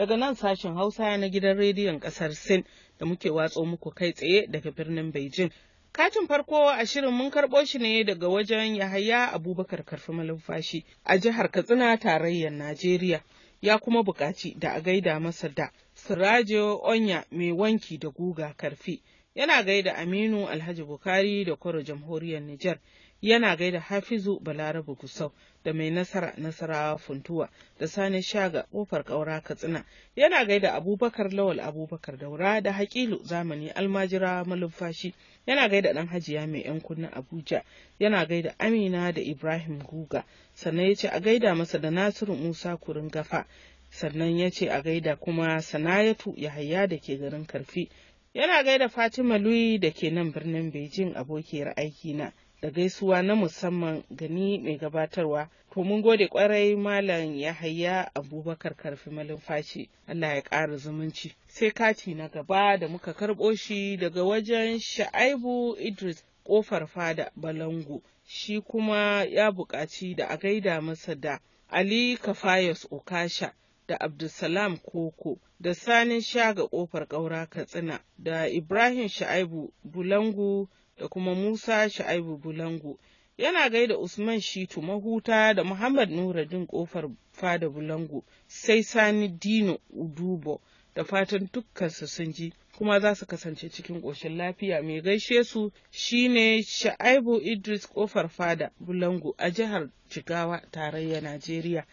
daga nan sashen Hausa na gidan rediyon ƙasar Sin da muke watso muku kai tsaye daga birnin Beijing. Katin farko a shirin mun karɓo shi ne daga wajen Yahaya Abubakar Karfi Malumfashi a jihar Katsina tarayyar Najeriya. Ya kuma buƙaci da a gaida masa da Sirajo Onya mai wanki da guga karfi. Yana gaida Aminu Alhaji Bukari da Kwaro Jamhuriyar Nijar. Yana gaida Hafizu Balarabu Gusau. da mai nasara nasarawa funtuwa da sani sha ga kofar ƙaura katsina yana gaida abubakar lawal abubakar daura da hakilu zamani almajira malumfashi yana gaida ɗan hajiya mai yan kunna abuja yana gaida amina da ibrahim guga sannan ya ce a gaida masa da nasiru musa kurin gafa sannan ya ce a gaida kuma sanayatu yahaya da ke garin karfi yana gaida fatima lui da ke nan birnin beijing abokiyar aikina da gaisuwa na musamman gani mai gabatarwa. To mun gode kwarai Malam Yahaya Abubakar Karfi Malumfashi, Allah ya ƙara zumunci. Sai kati na gaba da muka karɓo shi daga wajen Sha'aibu Idris ƙofar fada Balangu, shi kuma ya buƙaci da a gaida masa da Ali Kafayos Okasha da Abdulsalam Koko da Sanin Shaga ƙofar ƙaura Katsina da Ibrahim Sha'aibu Bulangu da kuma Musa Sha'ibu Bulango. Yana gaida Usman Shitu Mahuta da Muhammad Nuruddin Kofar Fada Bulango sai Sani Dino Udubo da fatan dukkansu sun ji kuma za su kasance cikin ƙoshin lafiya mai gaishe su shine Sha'aibu Idris Kofar Fada Bulango a jihar Jigawa tarayya Najeriya.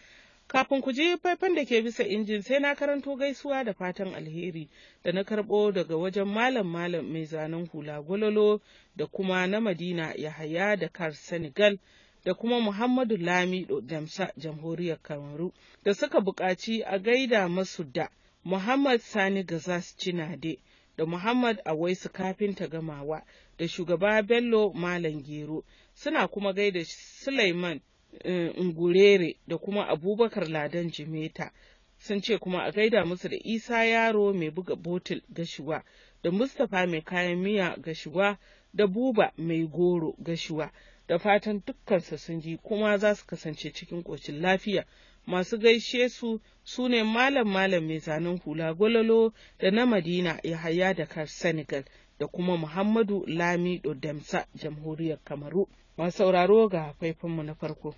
Kafin ku je faifan da ke bisa injin sai na karanto gaisuwa da fatan alheri da na karɓo daga wajen malam malam mai zanen hula gwalolo da kuma na Madina Yahaya da kar Senegal da kuma Muhammadu Lamido Damsa jamhuriyar Kamaru da suka buƙaci a gaida masu da Muhammad Sani Gazas Cinade da Muhammad Awaisu Kafinta Gamawa da shugaba Bello Malam Gero suna kuma gaida Suleiman Eh, Ngurere da kuma Abubakar Ladan Jimeta. Sun ce kuma a gaida musu da Isa Yaro mai buga botul gashuwa da Mustapha mai kayan miya gashuwa da Buba mai goro gashuwa da fatan dukkansa sun ji kuma za su kasance cikin ƙoshin lafiya. Masu gaishe su su ne Malam Malam mai zanen hula gwalolo da na Madina Yahaya da kar Senegal da kuma Muhammadu Lami Damsa jamhuriyar Kamaru. Masu sauraro ga faifinmu na farko.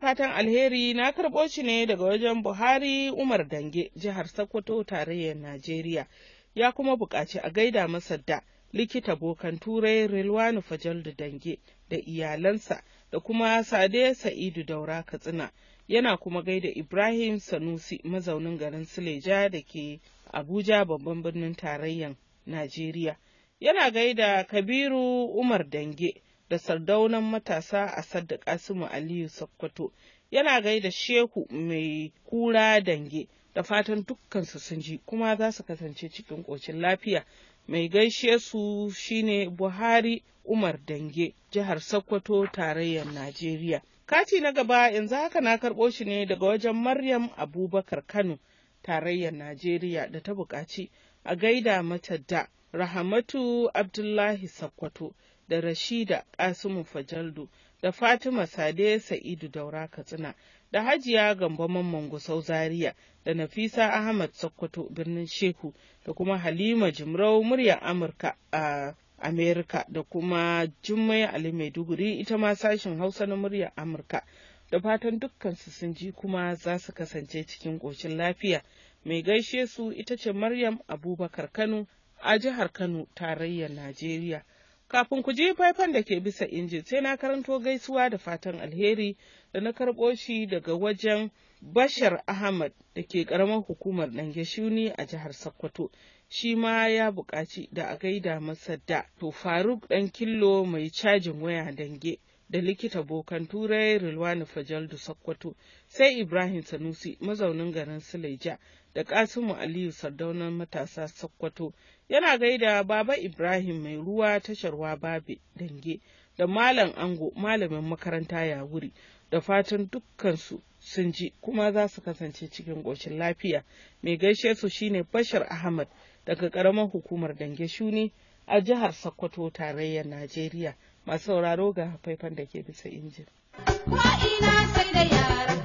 da fatan alheri na karɓo shi ne daga wajen Buhari Umar Dange, jihar Sokoto, tarayyar Najeriya. Ya kuma buƙaci a gaida masa da likita bokan turai Rilwanu da Dange da iyalansa da kuma Sade Sa'idu Daura Katsina. Yana kuma gaida Ibrahim Sanusi mazaunin garin Suleja da ke Abuja babban birnin tarayyar Najeriya. Yana gaida Kabiru Umar Dange. da sardaunan matasa a sadda Kasimu Aliyu Sokoto. Yana gaida Shehu mai kura dange da fatan dukkansu sun ji kuma za su kasance cikin ƙocin lafiya. Mai gaishe su shine Buhari Umar Dange, jihar Sokoto, tarayyar Najeriya. Kati na gaba yanzu haka na karɓo shi ne daga wajen Maryam Abubakar Kano, tarayyar Najeriya da ta buƙaci a gaida mata da Rahamatu Abdullahi Sakkwato da Rashida Kasimu Fajaldu da Fatima Sade Sa'idu Daura Katsina da Hajiya Gambo Mamman Gusau Zaria da Nafisa Ahmad Sakkwato birnin Shehu da kuma Halima Jimrau Murya Amurka a Amerika da kuma Jummai Ali Maiduguri ita ma sashin Hausa na muryar Amurka da fatan dukkansu sun ji kuma za su kasance cikin ƙoshin lafiya. Mai gaishe su ita ce Maryam Abubakar Kano a jihar Kano tarayyar Najeriya. Kafin ku ji faifan da ke bisa inji sai na karanto gaisuwa da fatan alheri da na karɓo shi daga wajen Bashar Ahmad da ke ƙaramar hukumar shuni a jihar Sokoto. Shi ma ya buƙaci da a gaida masa da to Faruk ɗan killo mai cajin waya dange da likita bokan turai rilwani fajaldu sakkwato sai ibrahim sanusi mazaunin garin Suleja, da kasimu aliyu sardaunan matasa sakkwato yana gaida baba ibrahim mai ruwa tasharwa babe dange da malam ango malamin makaranta ya wuri da fatan dukkansu sun ji kuma za su kasance cikin ƙoshin lafiya mai gaishe su shine bashar ahmad daga ƙaramar hukumar dange shuni a jihar sokoto tarayyar najeriya masu sauraro ga faifan da ke bisa injin. Ko ina sai da yara.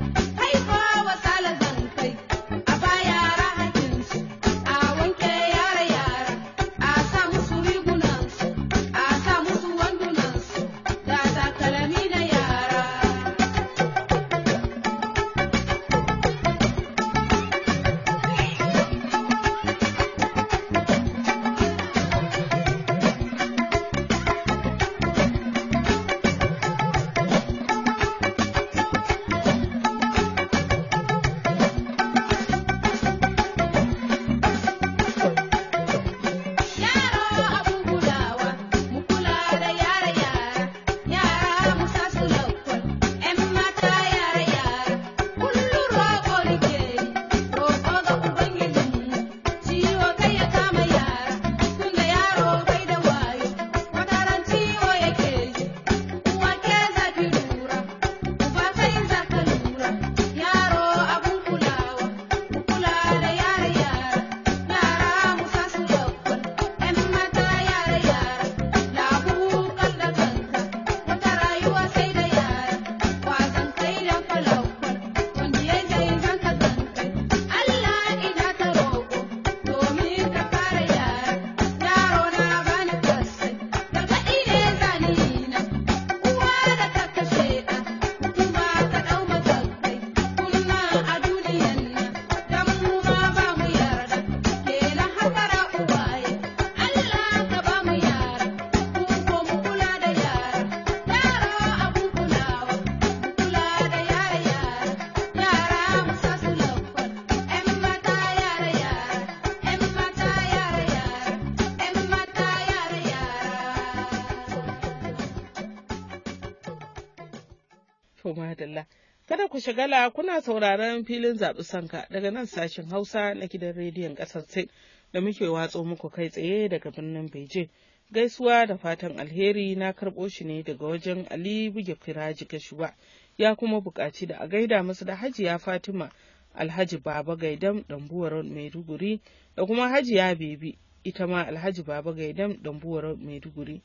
To madalla. Kada ku shagala kuna sauraron filin zaɓi sanka daga nan sashen Hausa na gidan rediyon ƙasar Sin da muke watso muku kai tsaye daga birnin Beijing. Gaisuwa da fatan alheri na karɓo shi ne daga wajen Ali Buge Firaji Gashuwa ya kuma buƙaci da a gaida masu da Hajiya Fatima Alhaji Baba Gaidam Dambuwar Maiduguri da kuma Hajiya Bebi ita ma Alhaji Baba Gaidam Dambuwar Maiduguri.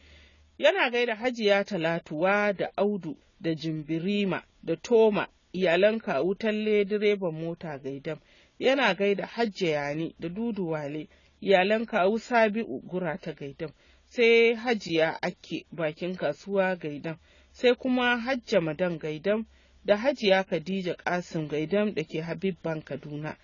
Yana gaida Hajiya Talatuwa da Audu da Jimbirima da Toma iyalan kawu talle direban mota gaidam. Yana gaida hajiya yani da Dudu Wale iyalan kawu Sabi'u gura ta gaidam. Sai Hajiya ake bakin kasuwa gaidam. Sai kuma Hajja Madan gaidam da Hajiya Khadija Kasim gaidam da ke Habib Kaduna.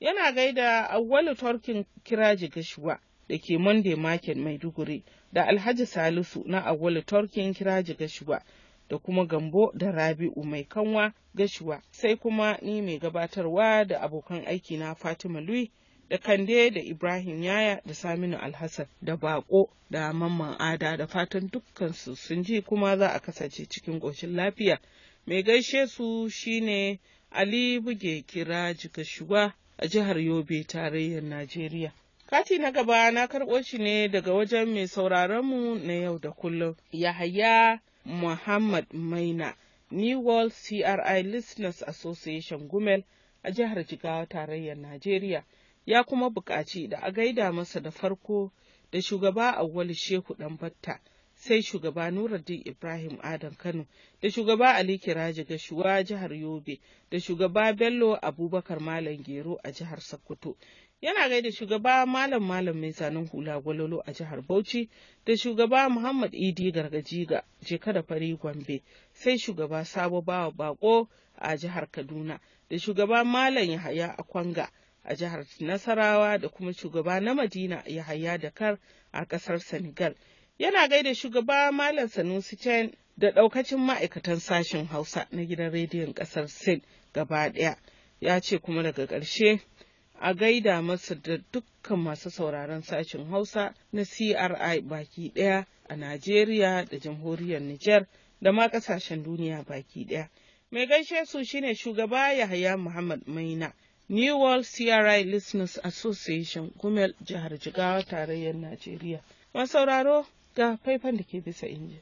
Yana gaida Awwalu turkin Kiraji Gashuwa. da ke Monday Market Maiduguri da Alhaji Salisu na Agwali Turkin Kiraji Gashuwa da kuma Gambo da Rabi'u mai kanwa Gashuwa sai kuma ni mai gabatarwa da abokan aiki na Fatima Lui da Kande da Ibrahim Yaya da Saminu Alhassan da Bako da Mamman Ada da fatan dukkansu sun ji kuma za a kasance cikin ƙoshin lafiya. Mai gaishe su shine Ali Buge Kiraji Gashuwa a jihar Yobe tarayyar Najeriya. Kati na gaba na karɓo shi ne daga wajen mai sauraron mu na yau da kullum, Yahaya Muhammad Maina, New World CRI Listeners Association Gumel a jihar Jigawa tarayyar Najeriya, ya kuma buƙaci da a gaida masa da farko da shugaba Auwalu Shehu batta sai shugaba Nuruddin Ibrahim Adam Kano, da shugaba Ali Kiraji Gashuwa jihar Yobe, da shugaba Bello Abubakar Malam Gero a jihar Sokoto. yana gaida shugaba malam malam mai zanen hula gwalolo a jihar bauchi da shugaba muhammad idi gargajiga jeka da fari gombe sai shugaba sabo bawa bako a jihar kaduna da shugaba malam yahaya a kwanga a jihar nasarawa da kuma shugaba na madina yahaya kar a kasar senegal yana gaida shugaba malam sanusi chen da daukacin ma'aikatan sashen hausa na gidan rediyon kasar sin gaba daya ya ce kuma daga ƙarshe a gaida masa da dukkan masu sauraron sashen Hausa na CRI baki ɗaya a Najeriya da jamhuriyar Nijar da ma ƙasashen duniya baki ɗaya. Mai gaishe su shine shugaba Yahaya Muhammad Maina, New World CRI Listeners Association, Gumel, Jihar Jigawa, Tarayyar Najeriya. Masauraro ga faifan da ke bisa injin.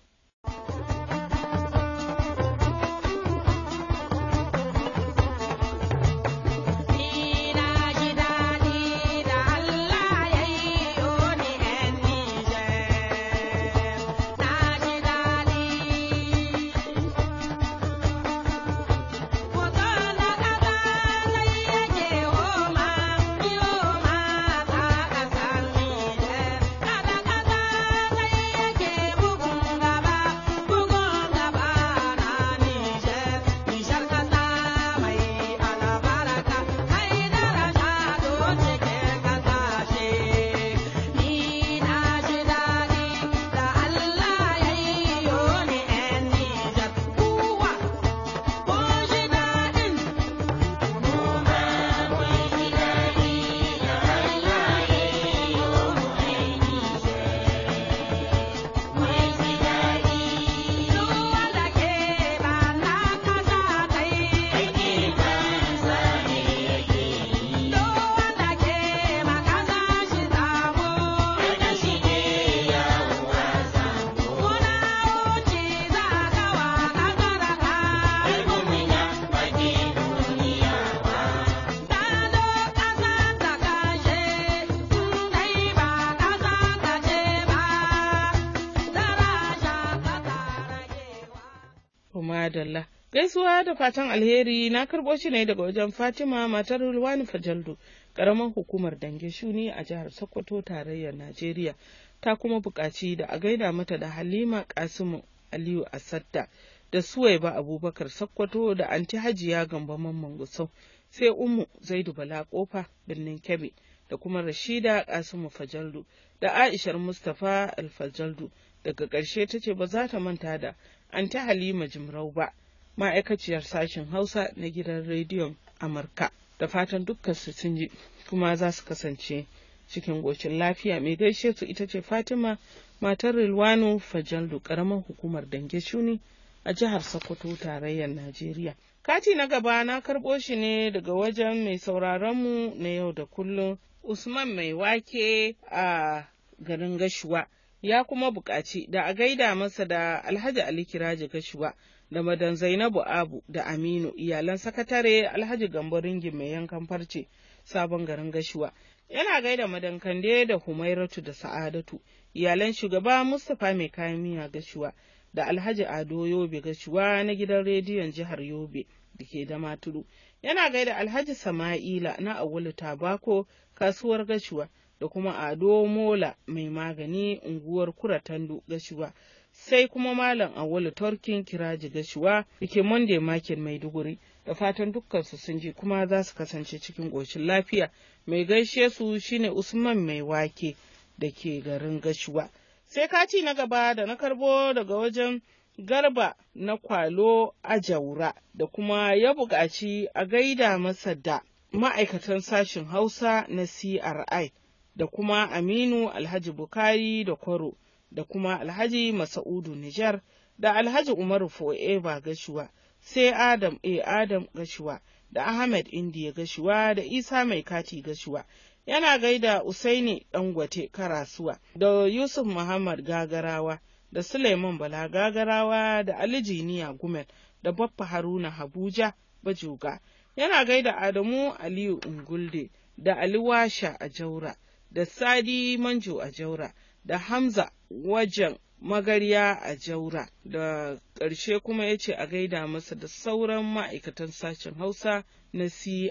Dalla. Gaisuwa da fatan alheri na karɓo shi ne daga wajen Fatima matar Rulwani Fajaldu, ƙaramin hukumar Dange Shuni a jihar Sokoto tarayyar Najeriya. Ta kuma buƙaci da a gaida mata da Halima Kasimu Aliyu Asadda da Suwaiba Abubakar Sokoto da Anti Hajiya Gambo Mamman Gusau, sai Umu Zaidu Bala Kofa birnin Kebbi da kuma Rashida Kasimu Fajaldu da Aishar Mustapha Alfajaldu. Daga ƙarshe ta ce ba za ta manta da an ta Halima Jimrau ba, ma'aikaciyar sashen Hausa na gidan rediyon Amurka. Da fatan dukkan su sun ji kuma za su kasance cikin gocin lafiya mai gaishe su ita ce Fatima matar Rilwano Fajaldu karamar hukumar Dange Shuni a jihar Sokoto tarayyar Najeriya. Kati na gaba na karɓo shi ne daga wajen mai sauraronmu na yau da kullum Usman mai wake a garin Gashuwa. ya kuma buƙaci da a gaida masa da Alhaji Ali Kiraji Gashuwa da Madan Zainabu Abu da Aminu iyalan sakatare Alhaji Gambo Ringin mai yankan farce sabon garin Gashuwa. Yana gaida Madan Kande da Humairatu da Sa'adatu iyalan shugaba Mustapha mai kayan miya Gashuwa da Alhaji Ado Yobe Gashuwa na gidan rediyon jihar Yobe da ke da Maturu. Yana gaida Alhaji Sama'ila na Awulu Tabako kasuwar Gashuwa da kuma ado mola mai magani unguwar kuratan gashuwa sai kuma malam awolu turkin kiraji gashuwa dake monday makin maiduguri da fatan dukkansu sun ji kuma za su kasance cikin ƙoshin lafiya mai gaishe su shine usman mai wake da ke garin gashuwa sai kaci na gaba da na karbo daga wajen garba na kwalo a jaura da kuma ya buƙaci a gaida masa da ma'aikatan sashen hausa na cri da kuma Aminu Alhaji Bukari da Kwaro da kuma Alhaji Masa'udu Nijar da Alhaji Umaru Fo'eba Gashuwa sai Adam A. Adam Gashuwa da Ahmed Indiya Gashuwa da Isa Mai Kati Gashuwa. Yana gaida Usaini Dangote Karasuwa da Yusuf Muhammad Gagarawa da Suleiman Bala Gagarawa da Ali Jiniya Gumel da Baffa Haruna Habuja bajuga Yana gaida Adamu Aliyu Ungulde da Ali Washa a Jaura. da Sadi Manjo a Jaura da Hamza wajen magarya a Jaura da ƙarshe kuma ya ce a gaida masa da sauran ma'aikatan sashen Hausa na CRI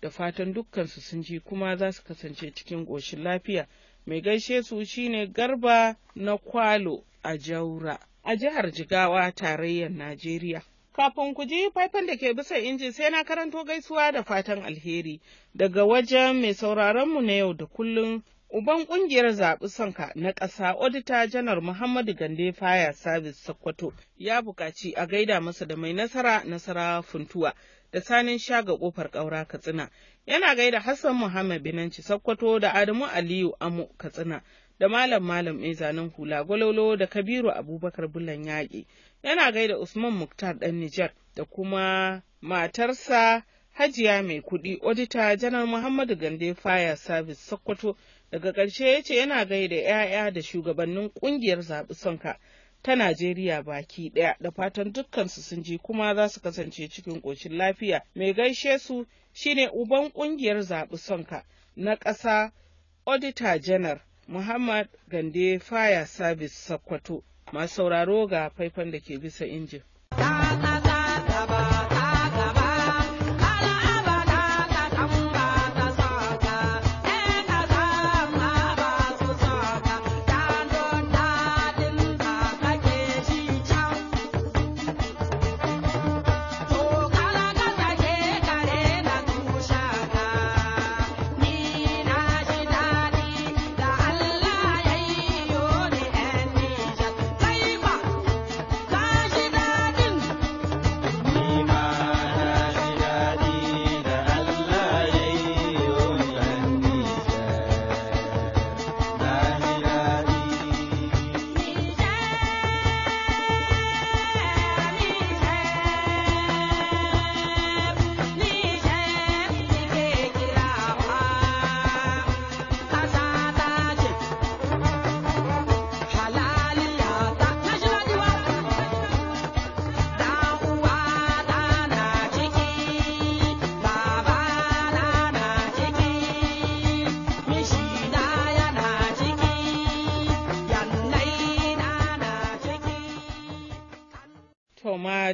da fatan dukkansu sun ji kuma za su kasance cikin ƙoshin lafiya. Mai gaishe su shine Garba na Kwalo a Jaura a jihar Jigawa tarayyar Najeriya. Kafin ku ji faifan da ke bisa inji sai na karanto gaisuwa da fatan alheri daga wajen mai sauraronmu na yau da kullum uban kungiyar zaɓi sonka na ƙasa odita janar Muhammadu Gande Faya Service Sokoto ya buƙaci a gaida masa da mai nasara nasara funtuwa da sanin shaga ƙofar ƙaura Katsina. Yana gaida Hassan Muhammad Binanci Sokoto da Adamu Aliyu Amu Katsina da malam malam mai zanen hula gwalolo da kabiru abubakar bulan yaƙi yana gaida usman muktar ɗan nijar da kuma matarsa hajiya mai kuɗi odita janar muhammadu gande fire service sokoto daga ƙarshe ya ce yana gaida 'ya'ya da shugabannin ƙungiyar zaɓi sonka ta Najeriya baki ɗaya da fatan dukkansu sun ji kuma za su kasance cikin ƙoshin lafiya. Mai gaishe su shine uban ƙungiyar zaɓi sonka na ƙasa Odita Janar Muhammad Gande Fire Service Sakkwato. Masu sauraro ga faifan da ke bisa injin.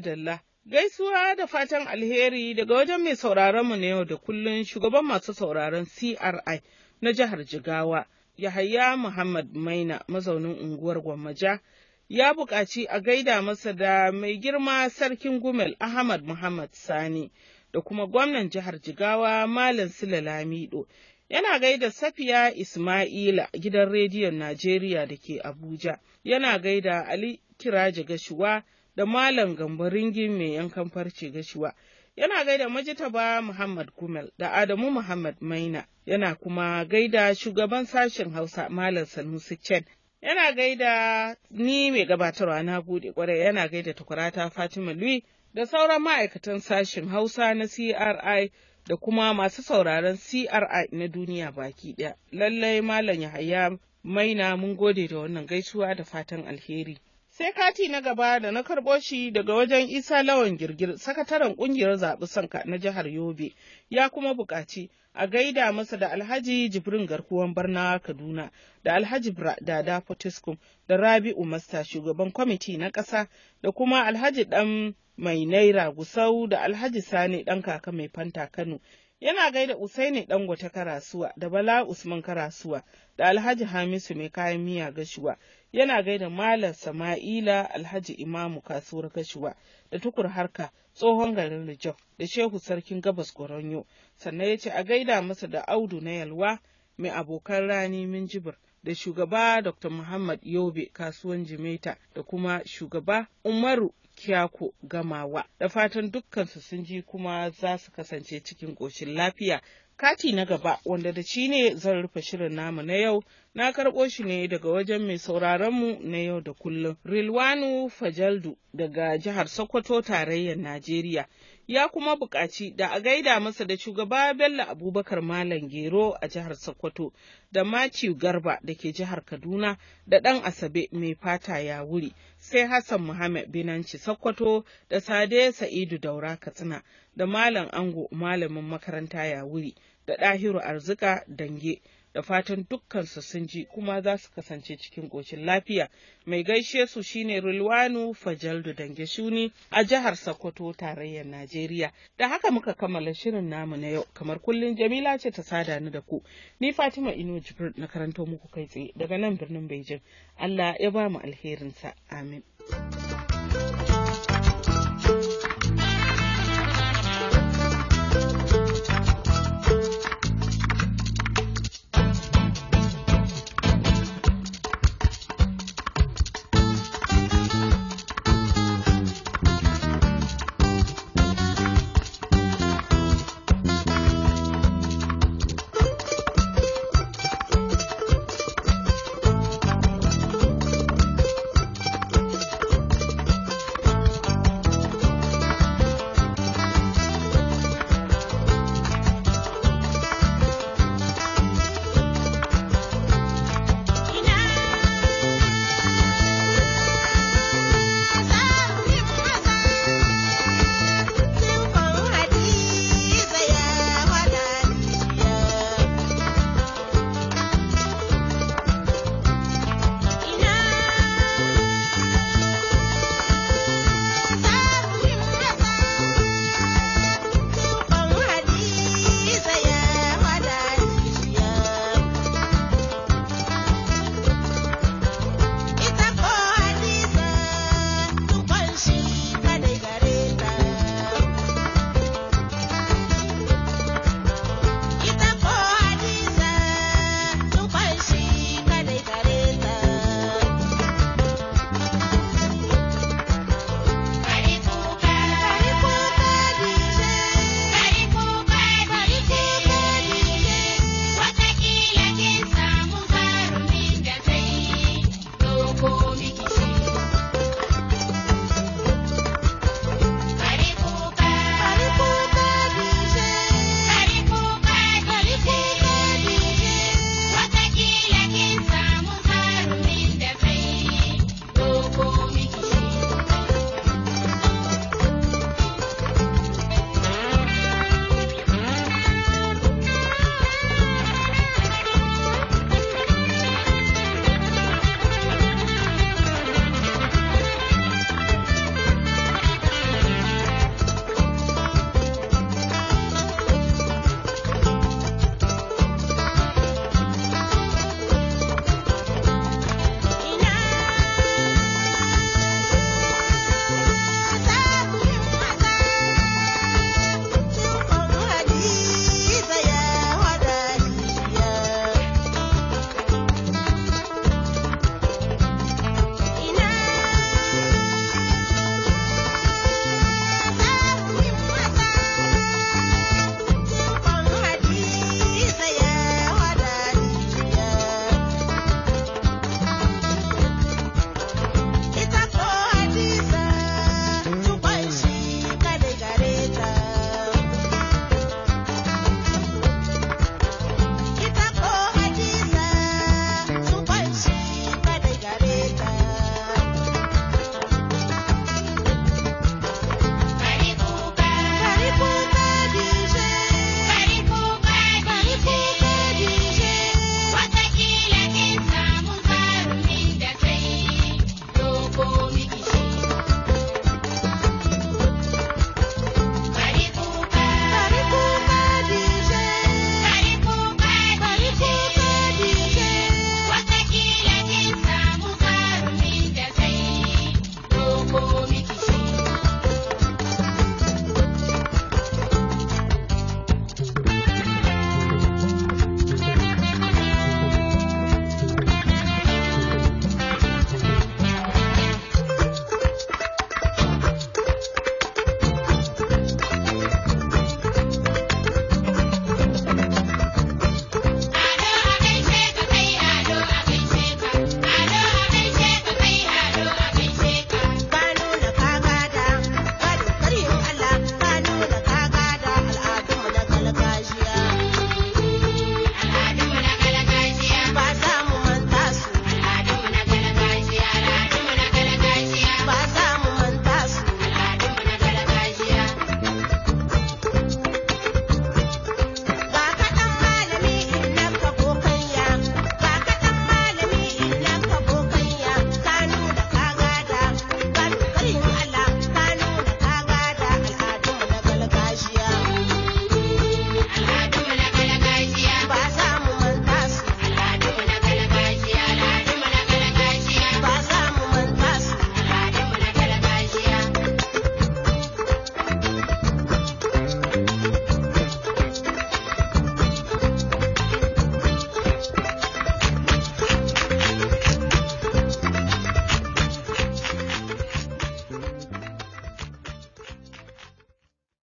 Dalla. Gaisuwa da fatan alheri daga wajen mai sauraron mu na yau da kullun shugaban masu sauraron CRI na jihar Jigawa, Yahaya Muhammad Maina mazaunin unguwar Gwammaja, ya buƙaci a gaida masa da mai girma sarkin Gumel Ahmad Muhammad Sani da kuma gwamnan jihar Jigawa Malam Sule Lamido. yana gaida Safiya Ismaila gidan rediyon Najeriya da ke Abuja, yana gaida Ali Kiraji Gashuwa da Malam Gambo mai yankan farce gashiwa. Yana gaida Majitaba Muhammad Gumel da Adamu Muhammad Maina, yana kuma gaida shugaban sashen Hausa Malam Sanusi Chen. Yana gaida ni mai gabatarwa na gode kwarai yana gaida takwarata Fatima Lui da sauran ma'aikatan sashen Hausa na CRI da kuma masu sauraron CRI na duniya baki ɗaya. Lallai Malam Yahaya Maina mun gode da wannan gaisuwa da fatan alheri. Sai kati na gaba da na karɓo shi daga wajen Isa Lawan Girgir, sakataren ƙungiyar zaɓi sanka na jihar Yobe, ya kuma buƙaci a gaida masa da Alhaji Jibrin garkuwan Barna Kaduna, da Alhaji Dada Potiskum da Rabi'u Masta shugaban kwamiti na ƙasa, da kuma Alhaji Ɗan Mai Naira Gusau da Alhaji Sani Ɗan Kaka Mai Fanta Kano. yana gaida Usaini Dangote Karasuwa da Bala Usman Karasuwa da Alhaji Hamisu mai kayan miya gashuwa yana gaida Malam Sama'ila Alhaji Imamu Kasuwar Gashuwa da tukur harka tsohon garin Rijau da Shehu Sarkin Gabas Goronyo sannan ya ce a gaida masa da Audu na Yalwa mai abokan rani Minjibir da shugaba Dr. Muhammad Yobe kasuwan Jimeta da kuma shugaba Umaru Kyako Gamawa. Da fatan dukkansu sun ji kuma za su kasance cikin ƙoshin lafiya. Kati na gaba wanda da shi ne zan rufe shirin namu na yau na karɓo shi ne daga wajen mai sauraronmu na yau da kullum. Rilwanu Fajaldu daga jihar Sokoto tarayyar Najeriya ya kuma buƙaci da a gaida masa da shugaba Bello Abubakar Malam Gero a jihar Sokoto da Matthew Garba da ke jihar Kaduna da ɗan Asabe mai fata ya wuri sai Hassan Muhammad Binanci Sokoto da Sade Sa'idu Daura Katsina da Malam Ango malamin makaranta ya wuri da Ɗahiru Arzika Dange da fatan dukkansu sun ji kuma za su kasance cikin ƙoshin lafiya. Mai gaishe su shine rulwanu Fajaldu Dangeshuni a jihar Sokoto tarayyar Najeriya. Da haka muka kammala shirin namu na yau kamar kullum Jamila ce ta sada ni da ku. Ni Fatima ino Jibril na karanto muku kai tsaye daga nan birnin Bejin. Allah ya ba mu alherinsa. Amin.